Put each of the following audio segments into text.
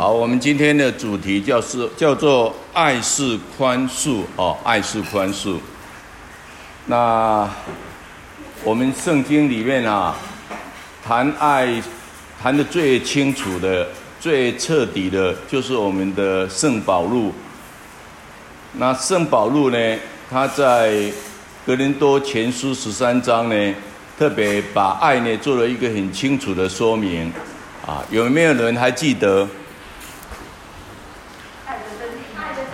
好，我們今天的主題就是叫做“愛是寬恕”哦，“愛是寬恕”那。那我們聖經裡面啊，談愛談得最清楚的、最徹底的，就是我們的聖保祿。那聖保祿呢，他在格林多前書十三章呢，特別把愛呢做了一個很清楚的說明啊，有沒有人還記得？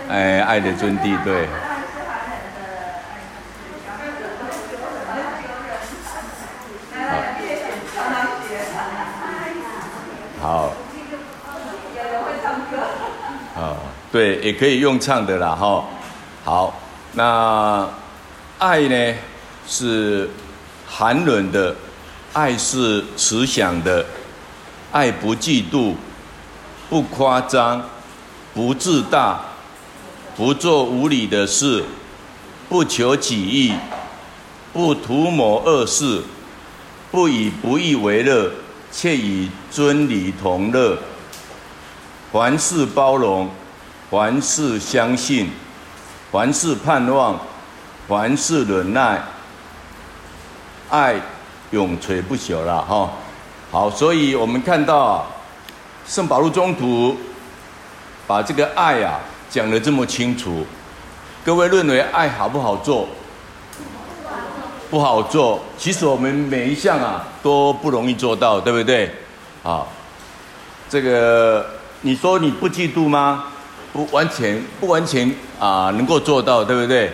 哎，愛的真諦對。嗯、好，好，好。對，也可以用唱的啦，哈。好，那愛呢，是寒冷的，愛是慈祥的，愛不嫉妒，不誇張，不自大。不做無禮的事，不求己意，不圖謀惡事，不以不義為樂，卻以尊禮同樂。凡事包容，凡事相信，凡事盼望，凡事忍耐，愛永垂不朽了哈、哦。好，所以我們看到、啊、聖保祿宗徒把這個愛啊。講得這麼清楚，各位認為愛好不好做？不好做。其實我們每一項啊都不容易做到，對不對？啊，這個你說你不嫉妒嗎？不完全，不完全啊能夠做到，對不對？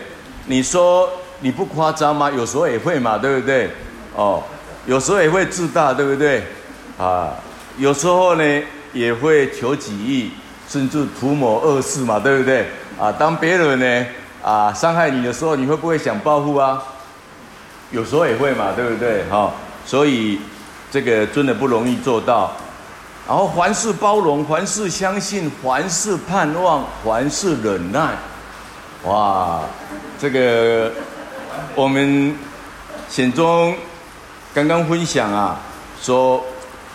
你說你不誇張嗎？有時候也會嘛，對不對？哦，有時候也會自大，對不對？啊，有時候呢也會求己益。甚至圖謀惡事嘛，對不對啊？當別人呢啊傷害你的時候，你會不會想報復啊？有時候也會嘛，對不對？好、哦，所以這個真的不容易做到。然後凡事包容，凡事相信，凡事盼望，凡事忍耐。哇，這個我們顯宗剛剛分享啊，說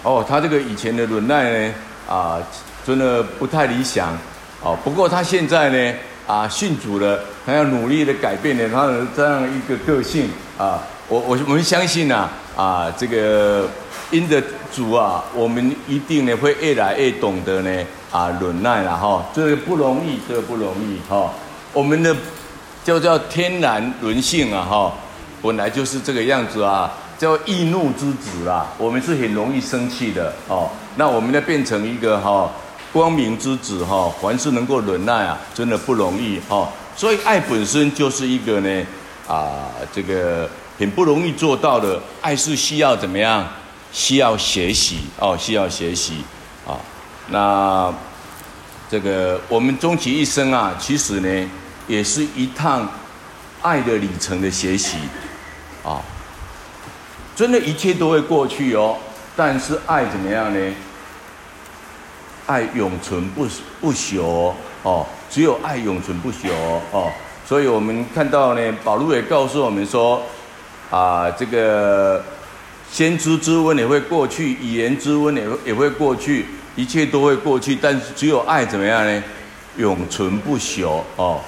哦，他這個以前的忍耐呢啊。真的不太理想，哦，不過他現在呢，啊，信主了，他要努力的改變呢，他的這樣一個個性啊，我我我們相信吶、啊，啊，這個因著主啊，我們一定呢會越來越懂得呢，啊，忍耐了哈，這個不容易，這個不容易哈，我們的叫做天然人性啊哈，本來就是這個樣子啊，叫易怒之子啦，我們是很容易生氣的哦，那我們呢變成一個哈。光明之子哈，凡事能夠忍耐啊，真的不容易哈。所以愛本身就是一個呢，啊、呃，這個很不容易做到的。愛是需要怎麼樣？需要學習哦，需要學習啊、哦。那這個我們終其一生啊，其實呢，也是一趟愛的旅程的學習啊、哦。真的，一切都會過去哦，但是愛怎麼樣呢？愛永存不不朽哦，哦，只有愛永存不朽哦，哦，所以我們看到呢，保祿也告訴我們說，啊，這個先知之恩也會過去，語言之恩也會，也會過去，一切都會過去，但是只有愛怎麼樣呢？永存不朽哦。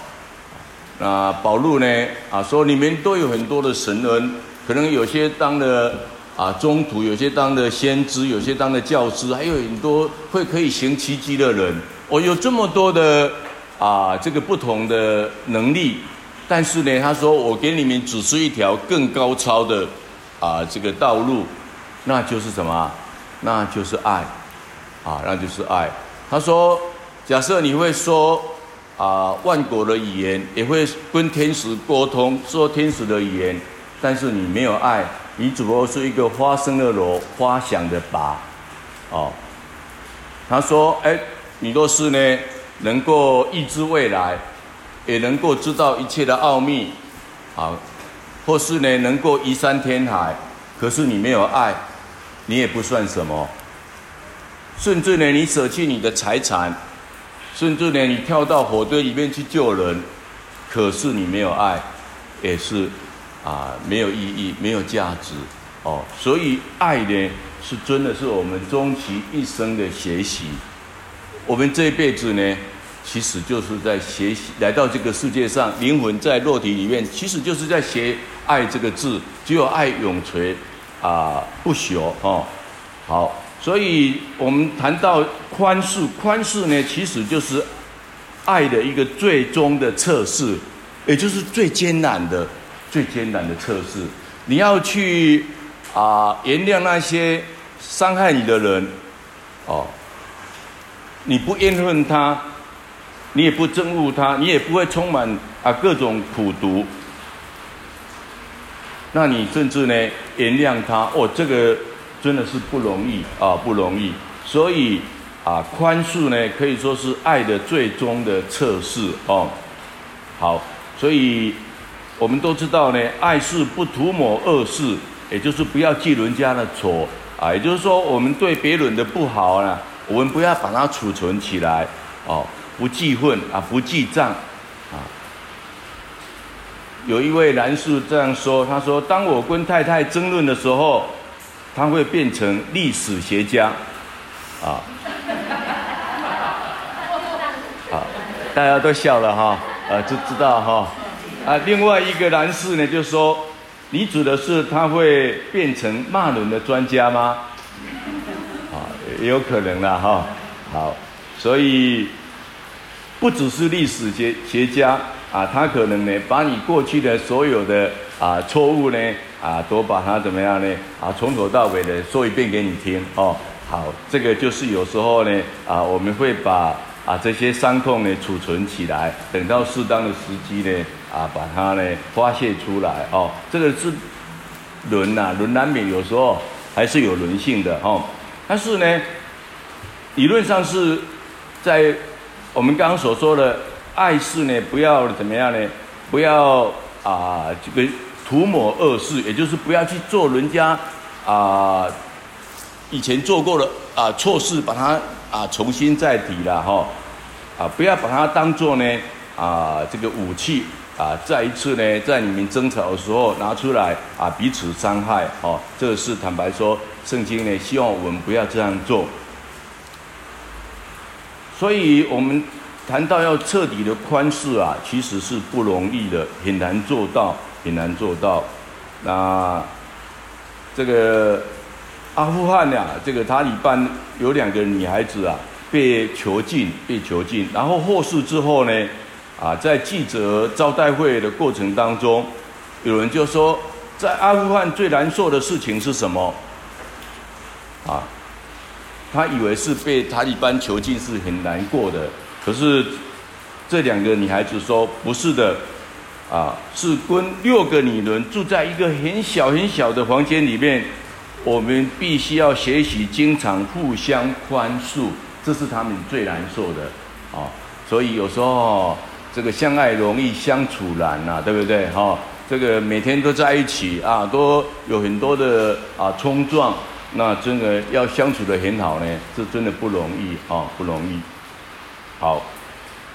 那保祿呢？啊，說你們都有很多的神恩，可能有些當了。啊，中途有些當的先知，有些當的教師，還有很多會可以行奇蹟的人。我有這麼多的啊，這個不同的能力，但是呢，他說我給你們指出一條更高超的啊，這個道路，那就是什麼？那就是愛啊，那就是愛。他說，假設你會說啊，萬國的語言，也會跟天使溝通，說天使的語言，但是你沒有愛。你只不過是一個花生的鑼，花香的鈸，哦。他說：“哎，你若是呢，能夠預知未來，也能夠知道一切的奧秘，好，哦，或是呢，能夠移山填海，可是你沒有愛，你也不算什麼。甚至呢，你捨棄你的財產，甚至呢，你跳到火堆裡面去救人，可是你沒有愛，也是。”啊，沒有意義，沒有價值，哦，所以愛呢，是真的是我們終其一生的學習。我們這一輩子呢，其實就是在學習，來到這個世界上，靈魂在肉體裡面，其實就是在學愛這個字。只有愛永垂，啊，不朽哦。好，所以我們談到寬恕，寬恕呢，其實就是愛的一個最終的測試，也就是最艱難的。最艱難的測試，你要去啊、呃、原諒那些傷害你的人哦，你不怨恨他，你也不憎惡他，你也不會充滿啊各種苦毒，那你甚至呢原諒他哦，這個真的是不容易啊，不容易，所以啊寬恕呢可以說是愛的最終的測試哦，好，所以。我們都知道呢，愛是不塗抹惡事，也就是不要記人家的錯啊。也就是說，我們對別人的不好呢，我們不要把它儲存起來哦，不記恨啊，不記賬啊。有一位男士這樣說：“他說，當我跟太太爭論的時候，他會變成歷史學家啊。”啊，大家都笑了哈，呃、啊，就知道哈。啊啊，另外一個男士呢，就是說，你指的是他會變成罵人的專家嗎？啊，也有可能啦哈。好，所以不只是歷史學學家啊，他可能呢，把你過去的所有的啊錯誤呢，啊，都把它怎麼樣呢？啊，從頭到尾的說一遍給你聽哦。好，這個就是有時候呢，啊，我們會把啊這些傷痛呢儲存起來，等到適當的時機呢。啊，把它呢發洩出來哦。這個是人吶、啊，人難免有時候還是有人性的哦，但是呢，理論上是在我們剛剛所說的愛是呢，不要怎麼樣呢？不要啊，這個塗抹惡事，也就是不要去做人家啊以前做過的啊錯事，把它啊重新再提了哈。啊，不要把它當做呢啊這個武器。啊，再一次呢，在你們爭吵的時候拿出來啊，彼此傷害哦，這個是坦白說，聖經呢，希望我們不要這樣做。所以，我們談到要徹底的寬恕啊，其實是不容易的，很難做到，很難做到。那這個阿富汗呀，啊，這個塔利班有兩個女孩子啊，被囚禁，被囚禁，然後獲釋之後呢？啊，在記者招待會的過程當中，有人就說，在阿富汗最難受的事情是什麼？啊，他以為是被塔利班囚禁是很難過的。可是這兩個女孩子說不是的，啊，是跟六個女人住在一個很小很小的房間裡面，我們必須要學習經常互相寬恕，這是她們最難受的啊。所以有時候。這個相愛容易相處難吶、啊，對不對？哈、哦，這個每天都在一起啊，都有很多的啊衝撞，那真的要相處得很好呢，這真的不容易啊，不容易。好，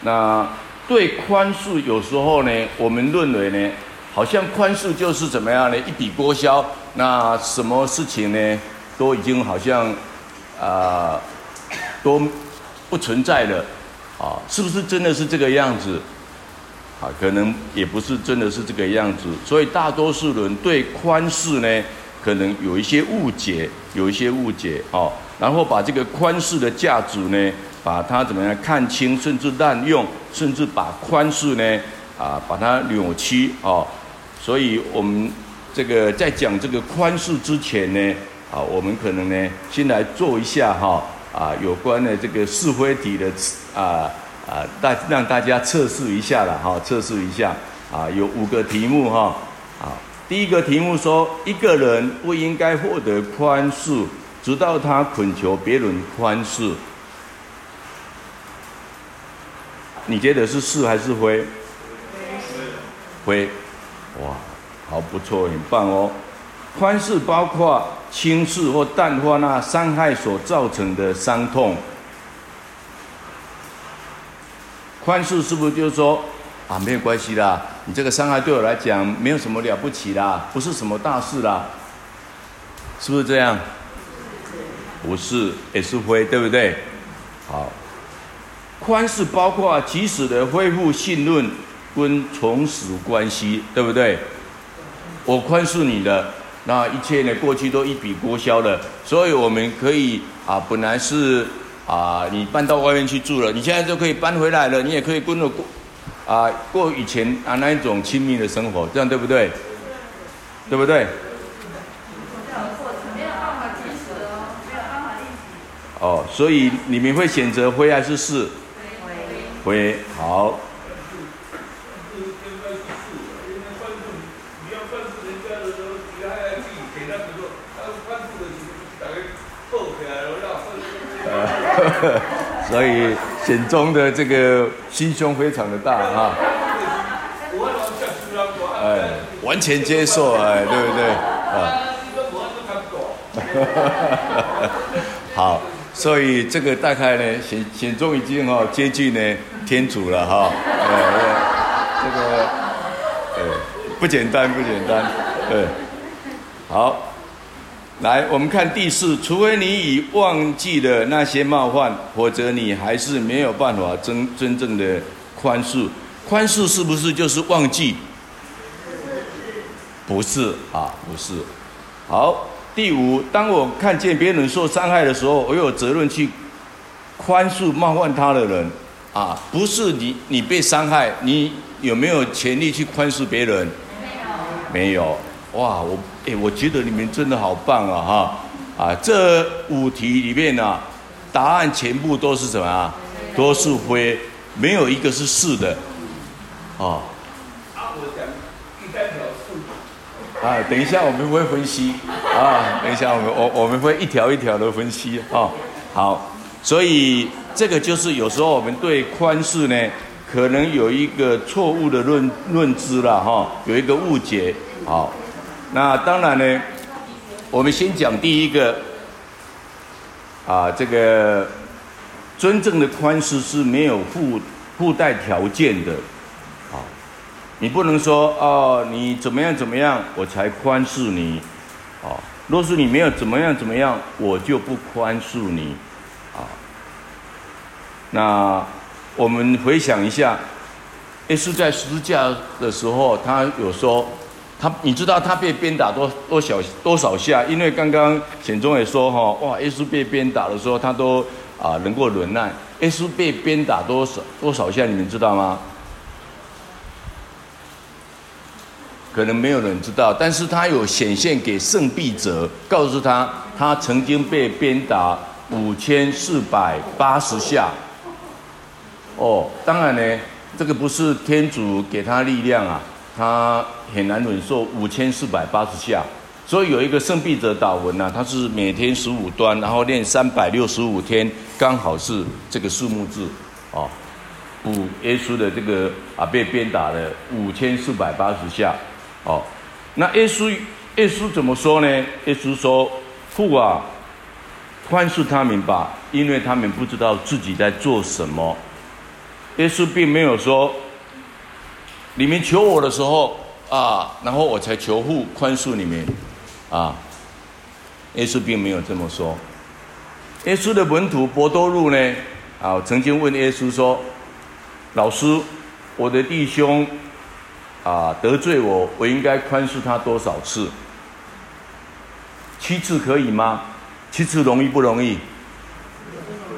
那對寬恕有時候呢，我們認為呢，好像寬恕就是怎麼樣呢？一筆勾銷，那什麼事情呢，都已經好像啊，都不存在了。啊，是不是真的是這個樣子？啊，可能也不是真的是這個樣子。所以大多數人對寬恕呢，可能有一些誤解，有一些誤解哦、啊。然後把這個寬恕的價值呢，把它怎麼樣看清，甚至濫用，甚至把寬恕呢啊，把它扭曲哦、啊。所以我們這個在講這個寬恕之前呢，啊，我們可能呢，先來做一下哈。啊啊，有關的這個是非題的啊啊，大、啊、讓大家測試一下了哈，測試一下啊，有五個題目哈、啊，第一個題目說，一個人不應該獲得寬恕，直到他懇求別人寬恕。你覺得是是還是非？非非，哇，好不錯，很棒哦。寬恕包括輕視或淡化那傷害所造成的傷痛。寬恕是不是就是說，啊，沒有關係啦，你這個傷害對我來講沒有什麼了不起啦，不是什麼大事啦，是不是這樣？不是，也是灰，對不對？好，寬恕包括即時的恢復信任跟重拾關係，對不對？我寬恕你的。那一切呢？過去都一筆勾銷了，所以我們可以啊，本來是啊，你搬到外面去住了，你現在就可以搬回來了，你也可以跟着過啊，過以前啊那一種親密的生活，這樣對不對？嗯、對不對？嗯、哦，所以你們會選擇回還是試？回。回，好。呃呵呵，所以顯宗的這個心胸非常的大啊。哈哎，完全接受哎，對不對？啊哈哈哈哈。好，所以這個大概呢，顯顯宗已經哦、接近呢天主了哈、哎。這個、哎、不簡單不簡單，對，好。來，我們看第四，除非你已忘記了那些冒犯，或者你還是沒有辦法真真正的寬恕。寬恕是不是就是忘記？不是，不是啊，不是。好，第五，當我看見別人受傷害的時候，我有責任去寬恕冒犯他的人啊。不是你，你被傷害，你有沒有權利去寬恕別人？沒有。沒有。哇，我哎，我覺得你們真的好棒啊！哈，啊，這五題裡面呢、啊，答案全部都是什麼啊？都是非，沒有一個是是的，啊。啊，一我講第三條是。啊，等一下我，我們會分析啊，等一下，我們我我們會一條一條的分析啊。好，所以這個就是有時候我們對寬恕呢，可能有一個錯誤的論認知了哈、啊，有一個誤解，好、啊。那當然呢，我們先講第一個，啊，這個真正的寬恕是沒有附附帶條件的，啊，你不能說哦，你怎麼樣怎麼樣我才寬恕你，啊，若是你沒有怎麼樣怎麼樣，我就不寬恕你，啊，那我們回想一下，耶穌在十字架的時候，他有說。他你知道他被鞭打，多少多少多少下？因為剛剛顯宗也說哈、哦，哇，耶穌被鞭打的時候，他都啊、呃、能夠忍耐。耶穌被鞭打多少多少下，你們知道嗎？可能沒有人知道，但是他有顯現給聖彼者，告訴他他曾經被鞭打五千四百八十下。哦，當然呢，這個不是天主給他力量啊。他很難忍受五千四百八十下，所以有一個聖彼得禱文呢、啊，他是每天十五端，然後練三百六十五天，剛好是這個數目字，哦，補耶穌的這個啊被鞭打了五千四百八十下，哦，那耶穌耶穌怎麼說呢？耶穌說父啊，寬恕他們吧，因為他們不知道自己在做什麼。耶穌並沒有說。你們求我的時候啊，然後我才求父寬恕你們，啊，耶穌並沒有這麼說。耶穌的門徒伯多祿呢，啊，我曾經問耶穌說：“老師，我的弟兄啊得罪我，我應該寬恕他多少次？七次可以嗎？七次容易不容易？”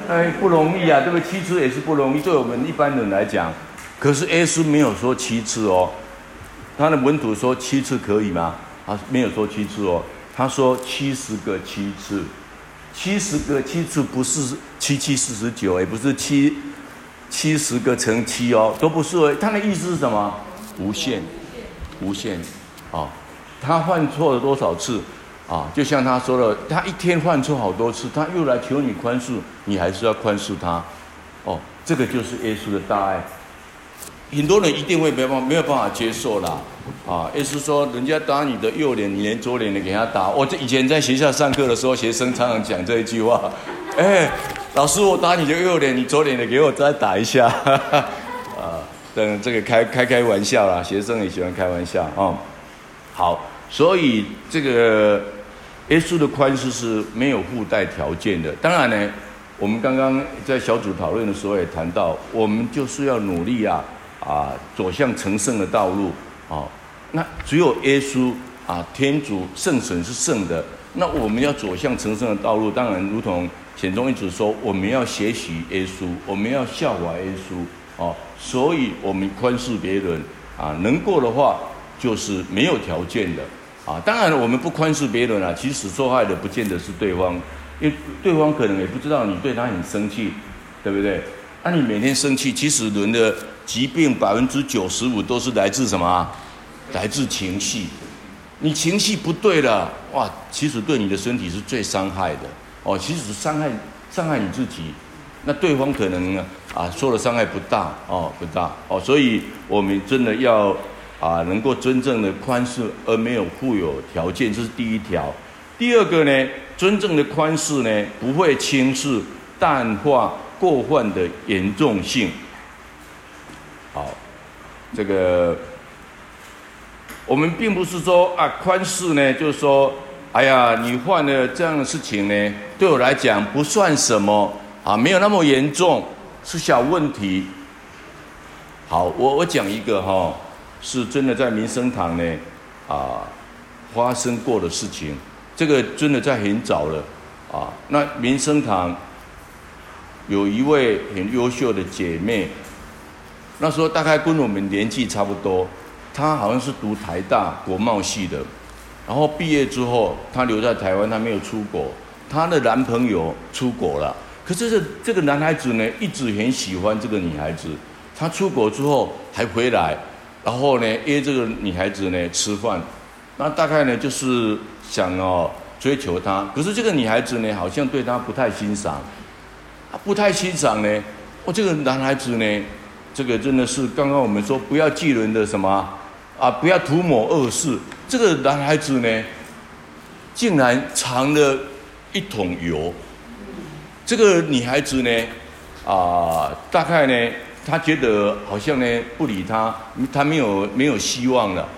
哎，不容易啊，這個七次也是不容易，對我們一般人來講。可是耶穌沒有說七次哦，他的門徒說七次可以嗎？啊，沒有說七次哦，他說七十個七次，七十個七次不是七七四十九，也不是七七十個乘七哦，都不是哎，他的意思是什麼？無限，無限，啊、哦，他犯錯了多少次？啊、哦，就像他說的，他一天犯錯好多次，他又來求你寬恕，你還是要寬恕他，哦，這個就是耶穌的大愛。很多人一定會沒辦法，沒有辦法接受啦，啊，意思說人家打你的右臉，你連左臉都給他打。我這以前在學校上課的時候，學生常常講這一句話，哎、欸，老師我打你的右臉，你左臉的給我再打一下，哈哈。啊，等這個開開開玩笑啦，學生也喜歡開玩笑啊、嗯。好，所以這個耶穌的寬恕是沒有附帶條件的。當然呢，我們剛剛在小組討論的時候也談到，我們就是要努力啊。啊，走向成聖的道路啊、哦，那只有耶穌啊，天主聖神是聖的。那我們要走向成聖的道路，當然如同顯宗一直說，我們要學習耶穌，我們要效法耶穌啊。所以，我們寬恕別人啊，能夠的話就是沒有條件的啊。當然，我們不寬恕別人啊，其實受害的不見得是對方，因為對方可能也不知道你對他很生氣，對不對？那、啊、你每天生氣，其實輪的。疾病百分之九十五都是來自什麼？來自情緒。你情緒不對了，哇，其實對你的身體是最傷害的哦。其實傷害傷害你自己，那對方可能啊受的傷害不大哦，不大哦。所以我們真的要啊，能夠真正的寬恕，而沒有附有條件，這是第一條。第二個呢，真正的寬恕呢，不會輕視、淡化過犯的嚴重性。好，這個我們並不是說啊寬恕呢，就是說，哎呀，你犯了這樣的事情呢，對我來講不算什麼啊，沒有那麼嚴重，是小問題。好，我我講一個哈，是真的在民生堂呢啊發生過的事情，這個真的在很早了啊。那民生堂有一位很優秀的姐妹。那時候大概跟我們年紀差不多，她好像是讀台大國貿系的，然後畢業之後她留在台灣，她沒有出國。她的男朋友出國了，可是這這個男孩子呢，一直很喜歡這個女孩子。他出國之後還回來，然後呢約這個女孩子呢吃飯，那大概呢就是想要、哦、追求她。可是這個女孩子呢，好像對他不太欣賞，她不太欣賞呢，我、哦、這個男孩子呢。這個真的是剛剛我們說不要記人的什麼啊，啊，不要塗抹惡事。這個男孩子呢，竟然藏了一桶油。這個女孩子呢，啊，大概呢，她覺得好像呢不理他，他沒有沒有希望了，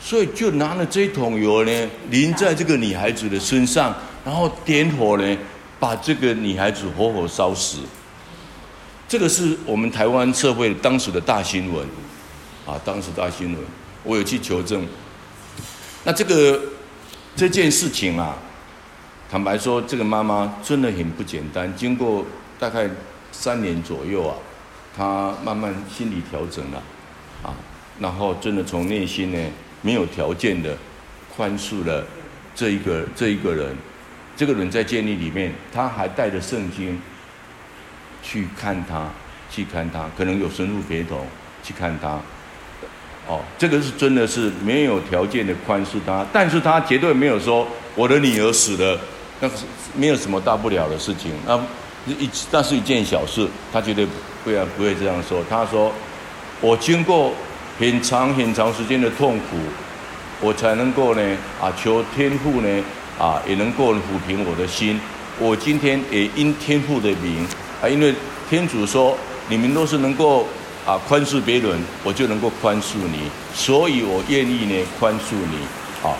所以就拿了這一桶油呢，淋在這個女孩子的身上，然後點火呢，把這個女孩子活活燒死。這個是我們台灣社會當時的大新聞，啊，當時大新聞，我有去求證。那這個這件事情啊，坦白說，這個媽媽真的很不簡單。經過大概三年左右啊，她慢慢心理調整了，啊，然後真的從內心呢，沒有條件的寬恕了這一個這一個人。這個人在監獄裡面，他還帶着聖經。去看他，去看他，可能有神父陪同去看他。哦，這個是真的是沒有條件的寬恕他，但是他絕對沒有說我的女兒死了，那是沒有什麼大不了的事情，那、啊、一那是一件小事，他絕對不會不,不會這樣說。他說，我經過很長很長時間的痛苦，我才能夠呢啊求天父呢啊也能夠撫平我的心，我今天也因天父的名。因為天主說，你們都是能夠啊寬恕別人，我就能夠寬恕你，所以我願意呢寬恕你。啊。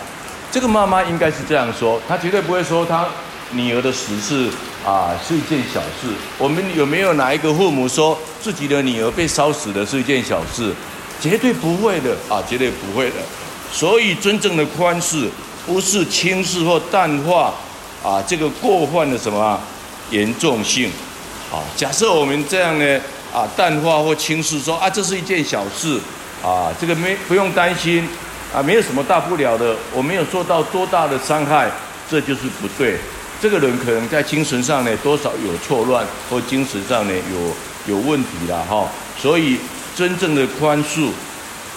這個媽媽應該是這樣說，她絕對不會說她女兒的死是啊是一件小事。我們有沒有哪一個父母說自己的女兒被燒死的是一件小事？絕對不會的啊，絕對不會的。所以真正的寬恕不是輕視或淡化啊這個過犯的什麼嚴重性。好，假設我們這樣呢，啊，淡化或輕視說啊，這是一件小事，啊，這個沒不用擔心，啊，沒有什麼大不了的，我沒有受到多大的傷害，這就是不對。這個人可能在精神上呢，多少有錯亂或精神上呢有有問題了哈。所以真正的寬恕，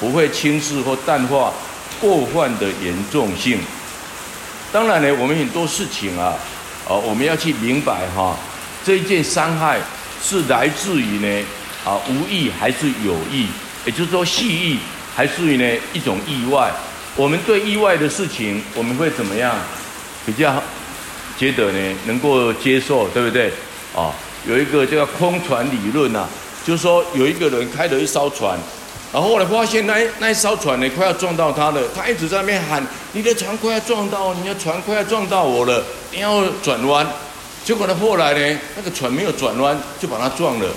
不會輕視或淡化過犯的嚴重性。當然呢，我們很多事情啊，呃、啊，我們要去明白哈。這一件傷害是來自於呢，啊，無意還是有意？也就是說，蓄意，還是呢一種意外？我們對意外的事情，我們會怎麼樣？比較覺得呢，能夠接受，對不對？啊，有一個叫做空船理論吶，啊，就是說有一個人開了一艘船，然後後來發現那一那一艘船呢快要撞到他了，他一直在那邊喊：“你的船快要撞到，你的船快要撞到我了，你要轉彎。”結果他後來呢，那個船沒有轉彎，就把他撞了。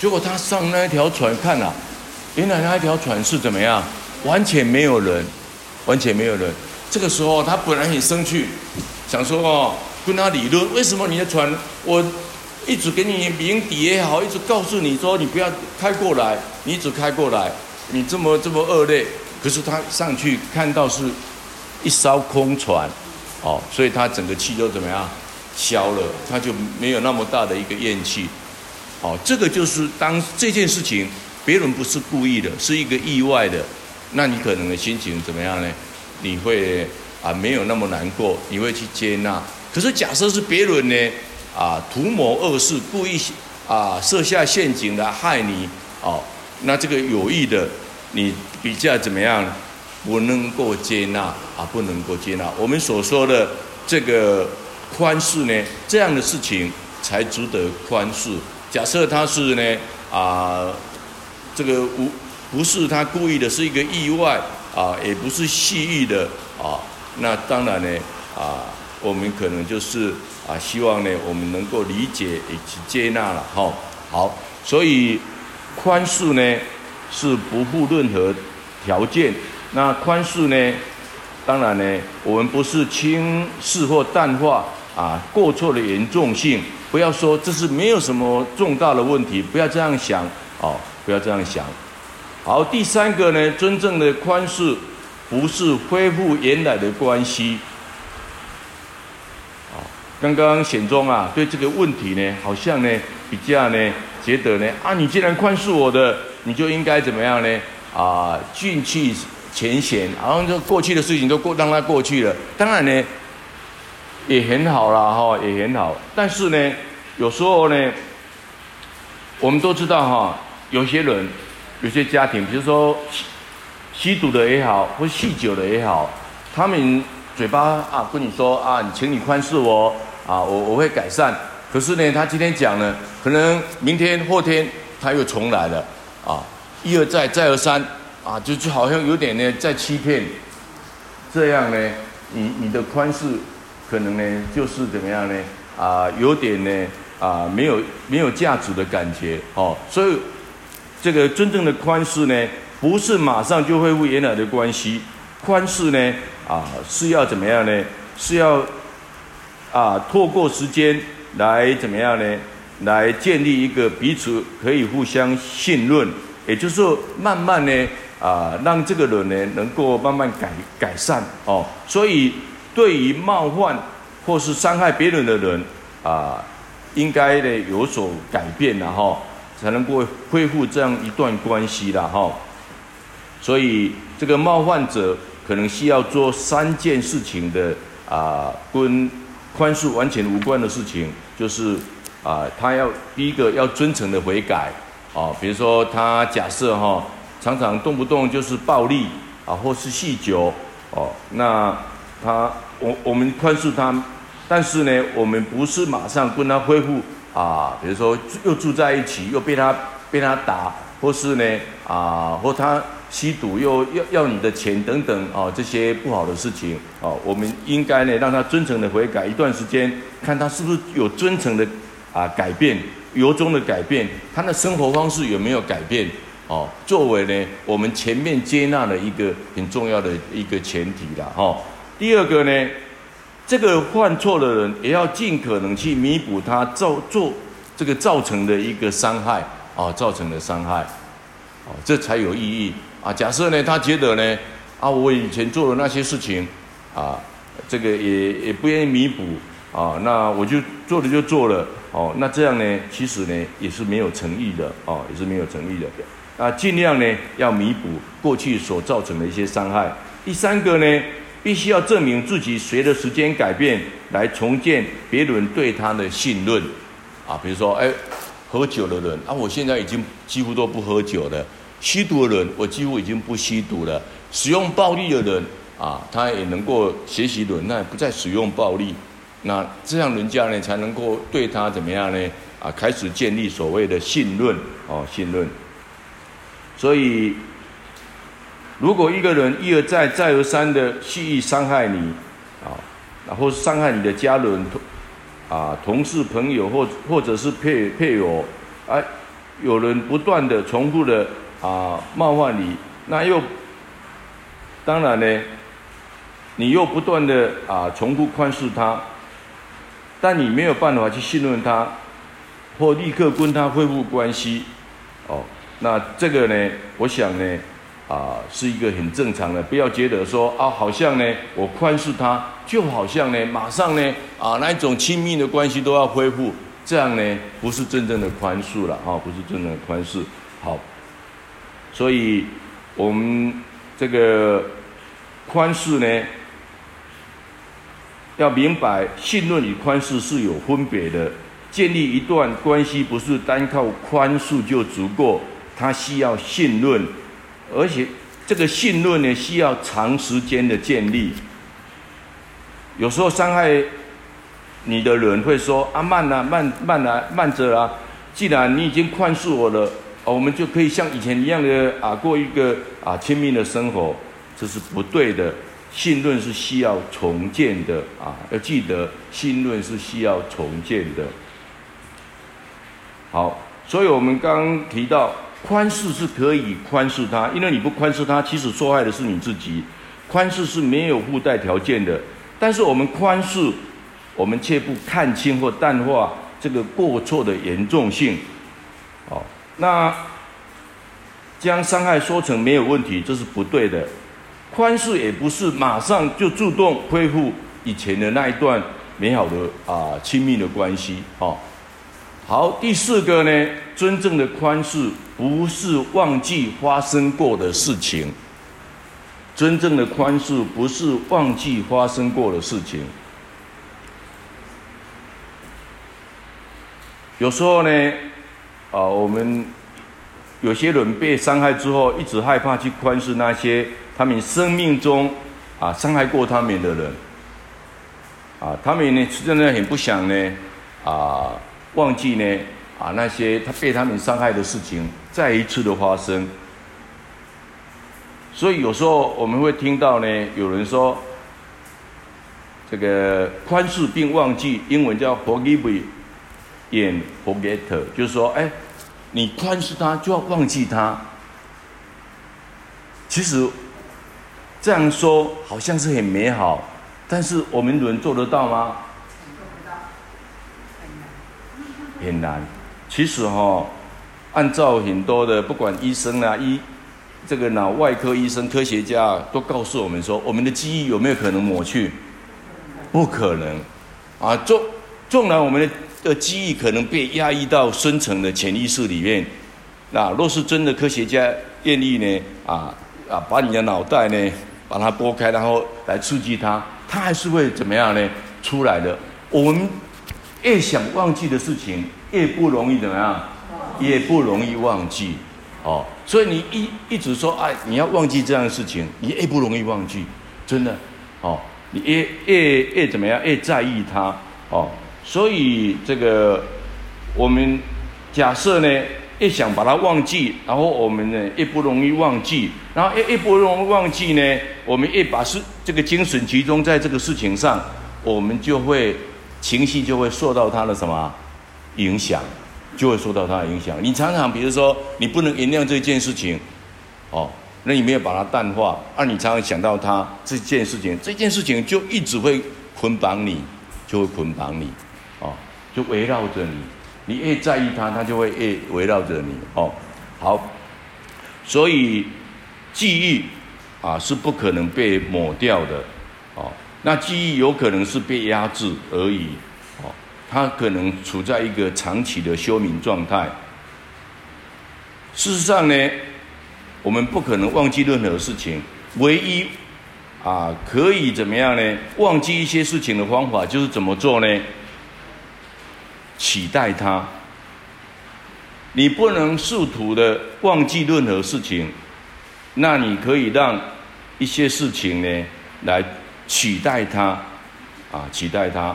結果他上那一條船看啊，原來那一條船是怎麼樣？完全沒有人，完全沒有人。這個時候他本來很生氣，想說哦，跟他理論，為什麼你的船我一直給你鳴笛也好，一直告訴你說你不要開過來，你一直開過來，你這麼這麼惡劣。可是他上去看到是一艘空船，哦，所以他整個氣都怎麼樣？消了，他就沒有那麼大的一個怨氣。好、哦，這個就是當這件事情別人不是故意的，是一個意外的，那你可能的心情怎麼樣呢？你會啊沒有那麼難過，你會去接納。可是假設是別人呢啊圖謀惡事，故意啊設下陷阱來害你哦、啊，那這個有意的，你比較怎麼樣呢？不能夠接納啊，不能夠接納。我們所說的這個。寬恕呢，這樣的事情才值得寬恕。假設他是呢啊、呃，這個無不是他故意的，是一個意外啊、呃，也不是蓄意的啊、呃。那當然呢啊、呃，我們可能就是啊、呃，希望呢我們能夠理解以及接納了哈。好，所以寬恕呢是不附任何條件。那寬恕呢，當然呢，我們不是輕視或淡化。啊，過錯的嚴重性，不要說這是沒有什麼重大的問題，不要這樣想哦，不要這樣想。好，第三個呢，真正的寬恕不是恢復原來的關係。哦，剛剛顯宗啊，對這個問題呢，好像呢比較呢覺得呢啊，你既然寬恕我的，你就應該怎麼樣呢？啊，盡棄前嫌，好像就過去的事情都過，讓它過去了。當然呢。也很好啦，哈，也很好。但是呢，有時候呢，我們都知道哈，有些人，有些家庭，比如說吸毒的也好，或是酗酒的也好，他們嘴巴啊跟你說啊，你請你寬恕我啊，我我會改善。可是呢，他今天講呢，可能明天，後天他又重來了啊，一而再，再而三啊，就就好像有點呢在欺騙，這樣呢，你你的寬恕。可能呢，就是怎麼樣呢？啊，有點呢，啊，沒有沒有價值的感覺哦。所以，這個真正的寬恕呢，不是馬上就恢復原來的關係，寬恕呢，啊，是要怎麼樣呢？是要啊，透過時間來怎麼樣呢？來建立一個彼此可以互相信任，也就是說，慢慢呢，啊，讓這個人呢，能夠慢慢改改善哦。所以。對於冒犯或是傷害別人的人，啊、呃，應該得有所改變，然、哦、後才能夠恢復這樣一段關係了哈、哦。所以這個冒犯者可能需要做三件事情的啊、呃，跟寬恕完全無關的事情，就是啊、呃，他要第一個要真誠的悔改啊、哦，比如說他假設哈、哦，常常動不動就是暴力啊，或是酗酒哦，那。他，我我們寬恕他，但是呢，我們不是馬上跟他恢復啊，比如說又住在一起，又被他被他打，或是呢啊，或他吸毒又要要你的錢等等啊，這些不好的事情啊，我們應該呢讓他真誠的悔改一段時間，看他是不是有真誠的啊改變，由衷的改變，他的生活方式有沒有改變哦、啊，作為呢我們前面接納的一個很重要的一個前提了哈。哦第二個呢，這個犯錯的人也要盡可能去彌補他造做這個造成的一個傷害啊，造成的傷害，啊，這才有意義啊。假設呢，他覺得呢，啊，我以前做的那些事情，啊，這個也也不願意彌補啊，那我就做了就做了哦，啊，那這樣呢，其實呢也是沒有誠意的啊，也是沒有誠意的那，啊，盡量呢要彌補過去所造成的一些傷害。第三個呢，必須要證明自己，隨着時間改變，來重建別人對他的信任。啊，比如說，哎、欸，喝酒的人，啊，我現在已經幾乎都不喝酒了；吸毒的人，我幾乎已經不吸毒了；使用暴力的人，啊，他也能夠學習忍耐，不再使用暴力。那這樣人家呢，才能夠對他怎麼樣呢？啊，開始建立所謂的信任，哦，信任。所以。如果一個人一而再、再而三的蓄意傷害你，啊，然後傷害你的家人、同啊同事、朋友，或或者是配配偶，哎、啊，有人不斷的重複的啊冒犯你，那又當然呢，你又不斷的啊重複寬恕他，但你沒有辦法去信任他，或立刻跟他恢復關係，哦、啊，那這個呢，我想呢。啊，是一個很正常的，不要覺得說啊，好像呢，我寬恕他，就好像呢，馬上呢，啊，那一種親密的關係都要恢復，這樣呢，不是真正的寬恕了啊，不是真正的寬恕。好，所以我們這個寬恕呢，要明白信任與寬恕是有分別的。建立一段關係不是單靠寬恕就足夠，它需要信任。而且，這個信任呢，需要長時間的建立。有時候傷害你的人會說：“啊，慢啊慢，慢啊，慢慢來，慢着啊。既然你已經寬恕我了，啊，我們就可以像以前一樣的啊，過一個啊親密的生活。這是不對的。信任是需要重建的啊！要記得，信任是需要重建的。好，所以我們剛提到。寬恕是可以寬恕他，因為你不寬恕他，其實受害的是你自己。寬恕是沒有附帶條件的，但是我們寬恕，我們卻不看清或淡化這個過錯的嚴重性。哦，那將傷害說成沒有問題，這是不對的。寬恕也不是馬上就自動恢復以前的那一段美好的啊親密的關係。哦。好，第四個呢，真正的寬恕不是忘記發生過的事情。真正的寬恕不是忘記發生過的事情。有時候呢，啊，我們有些人被傷害之後，一直害怕去寬恕那些他們生命中啊傷害過他們的人。啊，他們呢，真的很不想呢，啊。忘記呢，啊，那些他被他們傷害的事情再一次的發生，所以有時候我們會聽到呢，有人說，這個寬恕並忘記，英文叫 forgive and forget，就是說，哎，你寬恕他就要忘記他。其實這樣說好像是很美好，但是我們能做得到嗎？很難，其實哈、哦，按照很多的不管醫生啦、啊、醫，這個腦外科醫生、科學家都告訴我們說，我們的記憶有沒有可能抹去？不可能，啊，縱縱然我們的的記憶可能被壓抑到深層的潛意識裡面，那若是真的科學家願意呢，啊啊，把你的腦袋呢把它剝開，然後來刺激它，它還是會怎麼樣呢？出來的，我、嗯、們。越想忘記的事情，越不容易怎麼樣？越不容易忘記哦。所以你一一直說，哎、啊，你要忘記這樣的事情，你越不容易忘記，真的哦。你越越越，越怎麼樣？越在意它哦。所以這個我們假設呢，越想把它忘記，然後我們呢越不容易忘記，然後越越不容易忘記呢，我們越把是這個精神集中在這個事情上，我們就會。情緒就會受到他的什麼影響？就會受到他的影響。你常常比如說，你不能原諒這件事情，哦，那你沒有把它淡化，而、啊、你常常想到它這件事情，這件事情就一直會捆綁你，就會捆綁你，哦，就圍繞着你。你越在意它，它就會越圍繞着你。哦，好，所以記憶啊是不可能被抹掉的。那記憶有可能是被壓制而已，哦，它可能處在一個長期的休眠狀態。事實上呢，我們不可能忘記任何事情。唯一啊，可以怎麼樣呢？忘記一些事情的方法就是怎麼做呢？取代它。你不能試圖的忘記任何事情，那你可以讓一些事情呢來。取代他啊，取代他，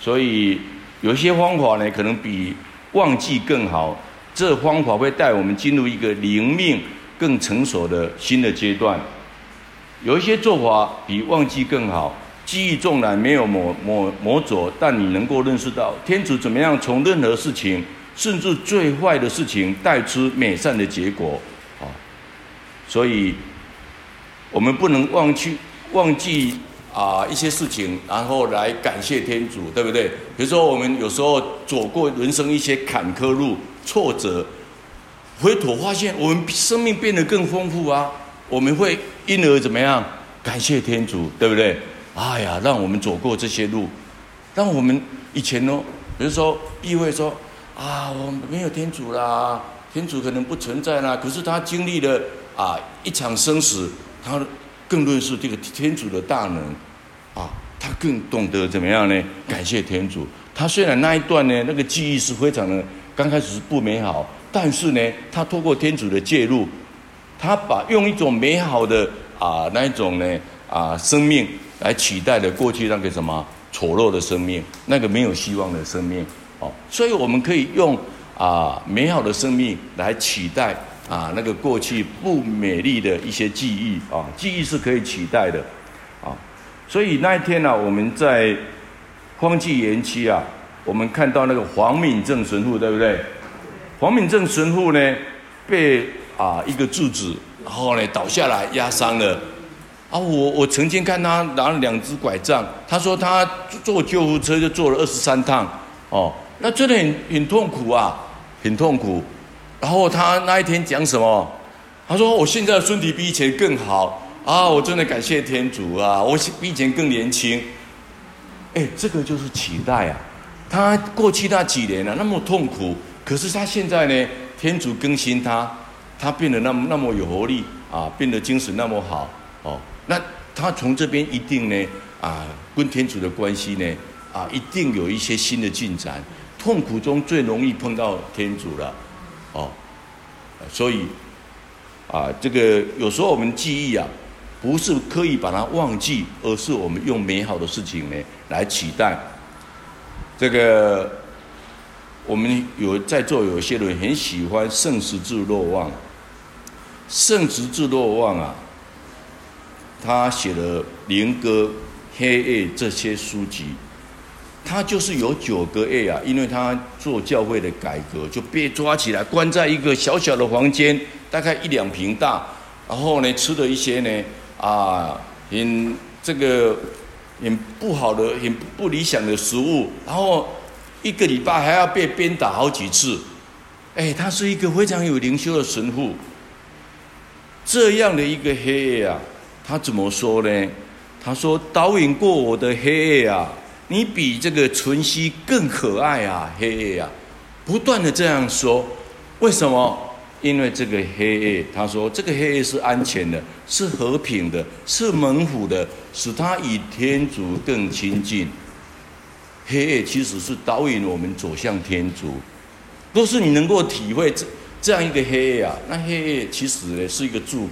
所以有些方法呢，可能比忘記更好。這方法會帶我們進入一個靈命更成熟的新的階段。有一些做法比忘記更好，記憶縱然沒有抹抹抹走，但你能夠認識到天主怎麼樣從任何事情，甚至最壞的事情，帶出美善的結果，啊，所以我們不能忘去。忘記啊、呃、一些事情，然後來感謝天主，對不對？比如說我們有時候走過人生一些坎坷路、挫折，回頭發現我們生命變得更豐富啊，我們會因而怎麼樣？感謝天主，對不對？哎呀，讓我們走過這些路，讓我們以前呢，比如說意味說啊，我們沒有天主啦，天主可能不存在啦。可是他經歷了啊一場生死，他。更認識這個天主的大能啊，他更懂得怎麼樣呢？感謝天主，他雖然那一段呢，那個記憶是非常的，剛開始是不美好，但是呢，他透過天主的介入，他把用一種美好的啊、呃、那一種呢啊、呃、生命來取代了過去那個什麼醜陋的生命，那個沒有希望的生命哦，所以我們可以用啊、呃、美好的生命來取代。啊，那個過去不美麗的一些記憶啊，記憶是可以取代的啊。所以那一天呢、啊，我們在荒祭園區啊，我們看到那個黃敏正神父，對不對？黃敏正神父呢，被啊一個柱子，然後呢倒下來壓傷了。啊，我我曾經看他拿了兩隻拐杖，他說他坐救護車就坐了二十三趟哦、啊，那真的很很痛苦啊，很痛苦。然後他那一天講什麼？他說：“我現在的身體比以前更好啊！我真的感謝天主啊！我比以前更年輕。哎，這個就是期待啊！他過去那幾年啊，那麼痛苦，可是他現在呢，天主更新他，他變得那麼那麼有活力啊，變得精神那麼好哦。那他從這邊一定呢啊，跟天主的關係呢啊，一定有一些新的進展。痛苦中最容易碰到天主了。”哦，所以啊，這個有時候我們記憶啊，不是刻意把它忘記，而是我們用美好的事情呢來取代。這個我們有在座有些人很喜歡聖十字若望，聖十字若望啊，他寫了《靈歌》《黑夜》這些書籍。他就是有九個 A 啊，因為他做教會的改革，就被抓起來關在一個小小的房間，大概一兩坪大，然後呢吃了一些呢啊很這個很不好的、很不理想的食物，然後一個禮拜還要被鞭打好幾次。哎，他是一個非常有靈修的神父，這樣的一個黑夜啊，他怎麼說呢？他說：“導引過我的黑夜啊。”你比這個晨曦更可愛啊，黑夜啊，不斷的這樣說，為什麼？因為這個黑夜，他說這個黑夜是安全的，是和平的，是猛虎的，使他與天主更親近。黑夜其實是導引我們走向天主，都是你能夠體會這這樣一個黑夜啊，那黑夜其實呢是一個祝福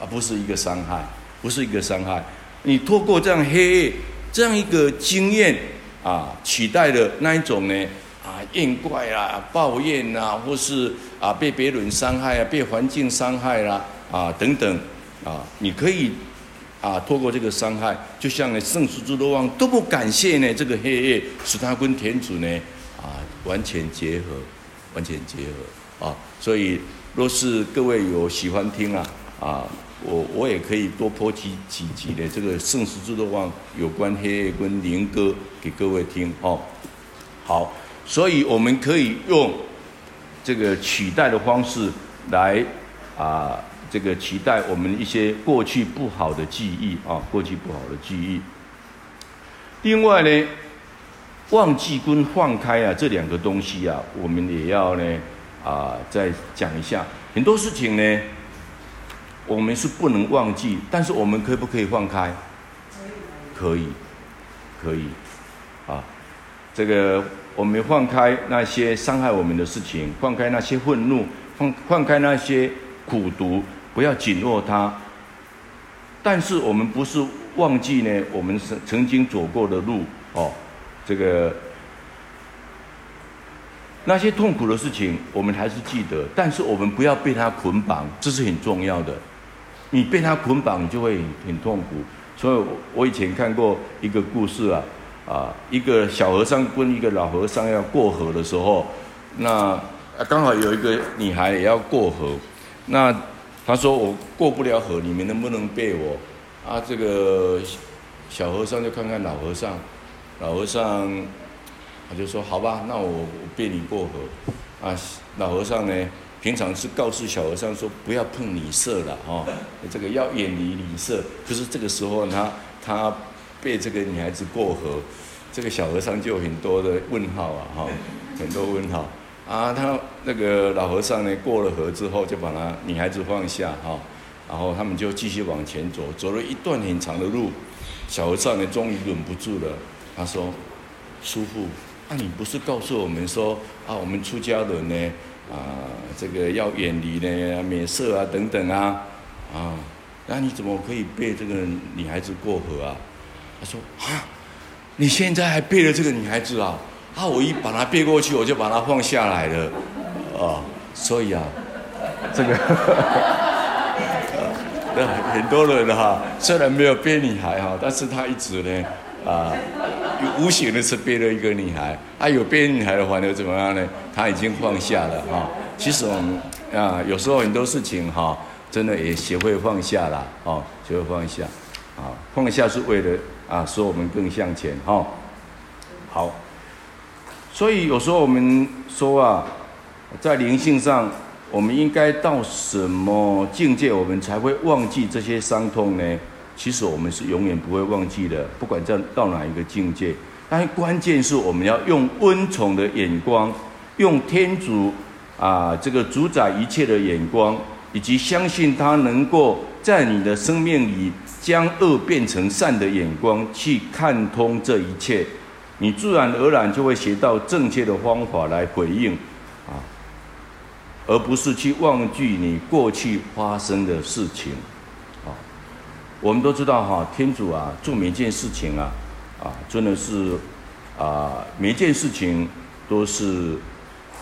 而、啊、不是一個傷害，不是一個傷害。你透過這樣黑夜。這樣一個經驗啊，取代了那一種呢啊，怨怪啊、抱怨啊，或是啊被別人傷害啊、被環境傷害啦啊，啊等等啊，你可以啊透過這個傷害，就像呢聖十字若望多麼感謝呢這個黑夜使他跟天主呢啊完全結合，完全結合啊，所以若是各位有喜歡聽啊啊。我我也可以多播幾幾集的這個《盛世之樂王》，有關黑夜跟林歌給各位聽哦。好，所以我們可以用這個取代的方式來啊，這個取代我們一些過去不好的記憶啊，過去不好的記憶。另外呢，忘記跟放開啊，這兩個東西啊，我們也要呢啊再講一下。很多事情呢。我們是不能忘記，但是我們可不可以放開？可以，可以，可以啊！這個我們放開那些傷害我們的事情，放開那些憤怒，放放開那些苦毒，不要緊握它。但是我們不是忘記呢，我們曾曾經走過的路哦，這個那些痛苦的事情我們還是記得，但是我們不要被它捆綁，這是很重要的。你被他捆綁，就會很痛苦。所以我我以前看過一個故事啊，啊，一個小和尚跟一個老和尚要過河的時候，那啊剛好有一個女孩也要過河，那他說我過不了河，你們能不能背我？啊，這個小和尚就看看老和尚，老和尚他就說好吧，那我，我背你過河。啊，老和尚呢？平常是告訴小和尚說不要碰女色了哦，這個要遠離女色。可是這個時候他他被這個女孩子過河，這個小和尚就有很多的問號啊哈，很多問號啊。他那個老和尚呢過了河之後就把他女孩子放下哈、啊，然後他們就繼續往前走，走了一段很長的路。小和尚呢終於忍不住了，他說：“師父，那、啊、你不是告訴我們說啊，我們出家人呢？”啊，這個要遠離呢，美色啊，等等啊，啊，那你怎麼可以背這個女孩子過河啊？他說啊，你現在還背了這個女孩子啊？啊，我一把她背過去，我就把她放下來了，啊，所以啊，這個，那、啊、很多人哈、啊，雖然沒有背女孩哈、啊，但是她一直呢。啊，呃、有無形的是悲了一個女孩。啊，有被女孩的煩惱怎麼樣呢？她已經放下了哈、哦。其實我們啊，有時候很多事情哈、哦，真的也學會放下啦。哦，學會放下。啊、哦，放下是為了啊，使我們更向前哈、哦。好，所以有時候我們說啊，在靈性上，我們應該到什麼境界，我們才會忘記這些傷痛呢？其實我們是永遠不會忘記的，不管在到哪一個境界，但是關鍵是我們要用恩寵的眼光，用天主啊這個主宰一切的眼光，以及相信他能夠在你的生命裡將惡變成善的眼光去看通這一切，你自然而然就會學到正確的方法來回應啊，而不是去忘記你過去發生的事情。我們都知道哈，天主啊，做每件事情啊，啊，真的是啊，每件事情都是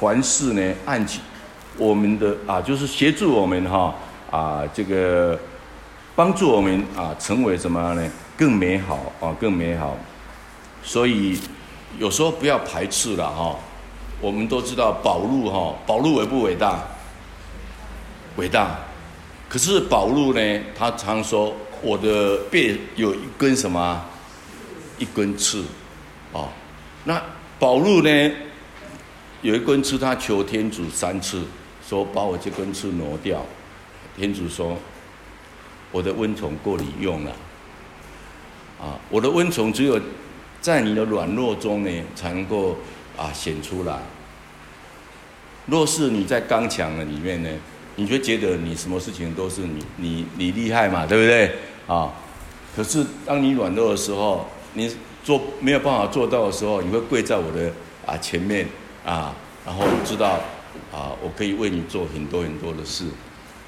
凡事呢，按我們的啊，就是協助我們哈，啊，這個幫助我們啊，成為什麼呢？更美好啊，更美好。所以有時候不要排斥了哈。我們都知道保祿哈，保祿偉不偉大？偉大。可是保祿呢，他常說。我的背有一根什麼，一根刺，哦，那保祿呢，有一根刺，他求天主三次，說把我這根刺挪掉，天主說，我的恩寵夠你用了，啊，我的恩寵只有在你的軟弱中呢才能夠啊顯出來，若是你在剛強的裡面呢，你就覺得你什麼事情都是你你你厲害嘛，對不對？啊！可是當你軟弱的時候，你做沒有辦法做到的時候，你會跪在我的啊前面啊，然後知道啊，我可以為你做很多很多的事。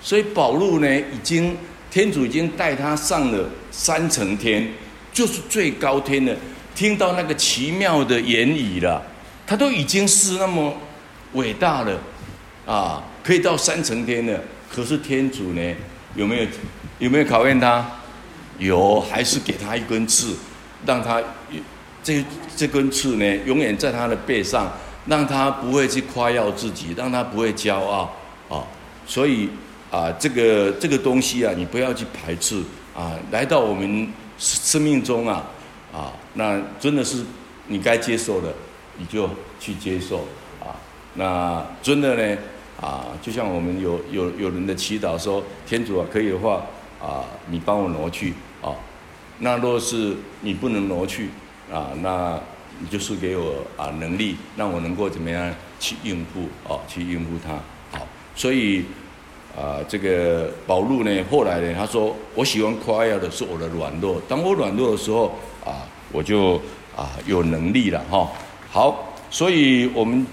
所以保祿呢，已經天主已經帶他上了三層天，就是最高天了，聽到那個奇妙的言語了，他都已經是那麼偉大了啊，可以到三層天了。可是天主呢，有沒有有沒有考驗他？有，還是給他一根刺，讓他這這根刺呢永遠在他的背上，讓他不會去誇耀自己，讓他不會驕傲啊。所以啊，這個這個東西啊，你不要去排斥啊。來到我們生命中啊啊，那真的是你該接受的，你就去接受啊。那真的呢啊，就像我們有有有人的祈禱說，天主啊，可以的話啊，你幫我挪去。那若是你不能挪去啊，那你就是給我啊能力，讓我能夠怎麼樣去應付哦，去應付它。好，所以啊，這個保祿呢，後來呢，他說：“我喜歡誇耀的是我的軟弱，當我軟弱的時候啊，我就啊有能力了。哦”哈，好，所以我們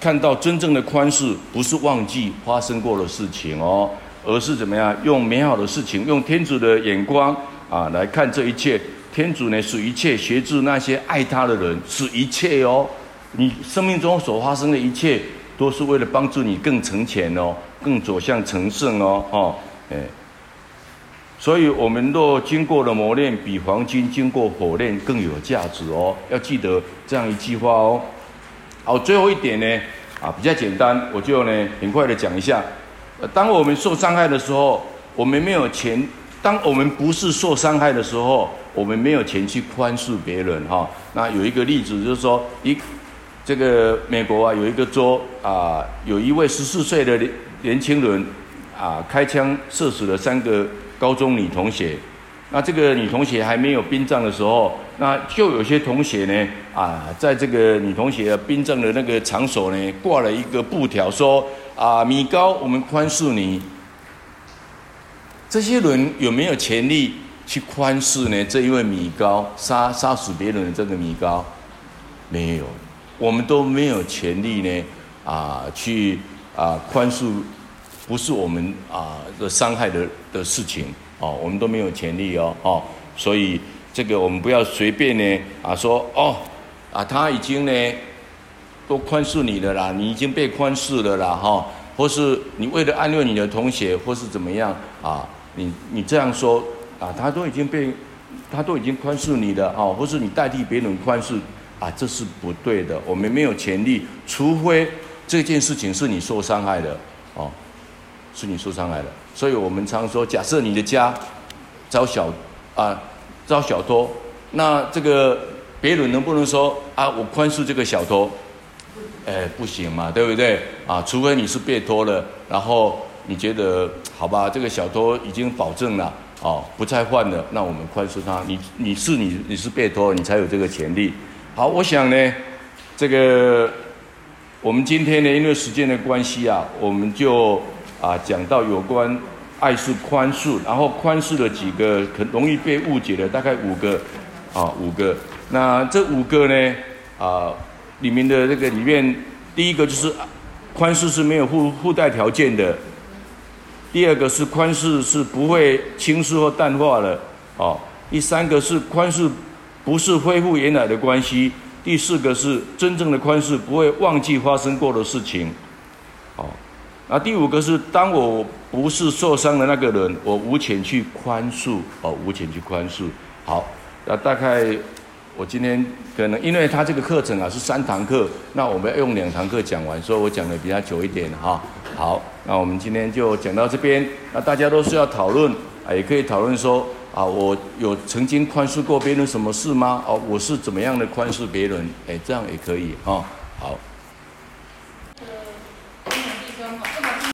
看到真正的寬恕，不是忘記發生過的事情哦，而是怎麼樣用美好的事情，用天主的眼光。啊，來看這一切，天主呢使，一切協助那些愛他的人，使一切哦，你生命中所發生的一切，都是為了幫助你更成全哦，更走向成聖哦，哦，哎、欸，所以我們若經過了磨練，比黃金經過火煉更有價值哦，要記得這樣一句話哦。好，最後一點呢，啊，比較簡單，我就呢很快的講一下，當我們受傷害的時候，我們沒有錢。當我們不是受傷害的時候，我們沒有錢去寬恕別人哈。那有一個例子就是說，一這個美國啊，有一個州啊，有一位十四歲的年輕人啊，開槍射死了三個高中女同學。那這個女同學還沒有殯葬的時候，那就有些同學呢啊，在這個女同學殯葬的那個場所呢，掛了一個布條說，說啊，米高，我們寬恕你。這些人有沒有權利去寬恕呢？這一位米高殺殺死別人的這個米高，沒有，我們都沒有權利呢。啊，去啊寬恕，不是我們啊的傷害的的事情哦，我們都沒有權利哦。哦，所以這個我們不要隨便呢啊說哦啊他已經呢，都寬恕你了啦，你已經被寬恕了啦哈、哦，或是你為了安慰你的同學，或是怎麼樣啊？你你這樣說啊，他都已經被，他都已經寬恕你了啊、哦，或是你代替別人寬恕啊，這是不對的。我們沒有權利，除非這件事情是你受傷害的哦，是你受傷害的。所以我們常說，假設你的家遭小啊遭小偷，那這個別人能不能說啊，我寬恕這個小偷？哎，不行嘛，對不對啊？除非你是被偷了，然後。你覺得好吧？這個小偷已經保證了哦，不再換了，那我們寬恕他。你你是你你是被偷，你才有這個權利。好，我想呢，這個我們今天呢，因為時間的關係啊，我們就啊講到有關愛是寬恕，然後寬恕的幾個很容易被誤解的大概五個啊五個。那這五個呢啊裡面的這個裡面第一個就是寬恕是沒有附附帶條件的。第二個是寬恕是不會輕視或淡化了，哦。第三個是寬恕不是恢復原來的關係。第四個是真正的寬恕不會忘記發生過的事情，哦。那、啊、第五個是當我不是受傷的那個人，我無權去寬恕，哦，無權去寬恕。好，那大概。我今天可能因為他這個課程啊，是三堂課，那我們要用兩堂課講完，所以我講的比較久一點哈、啊。好，那我們今天就講到這邊。那大家都是要討論，啊，也可以討論說，啊，我有曾經寬恕過別人什麼事嗎？哦、啊，我是怎麼樣的寬恕別人？哎，這樣也可以哈、啊。好。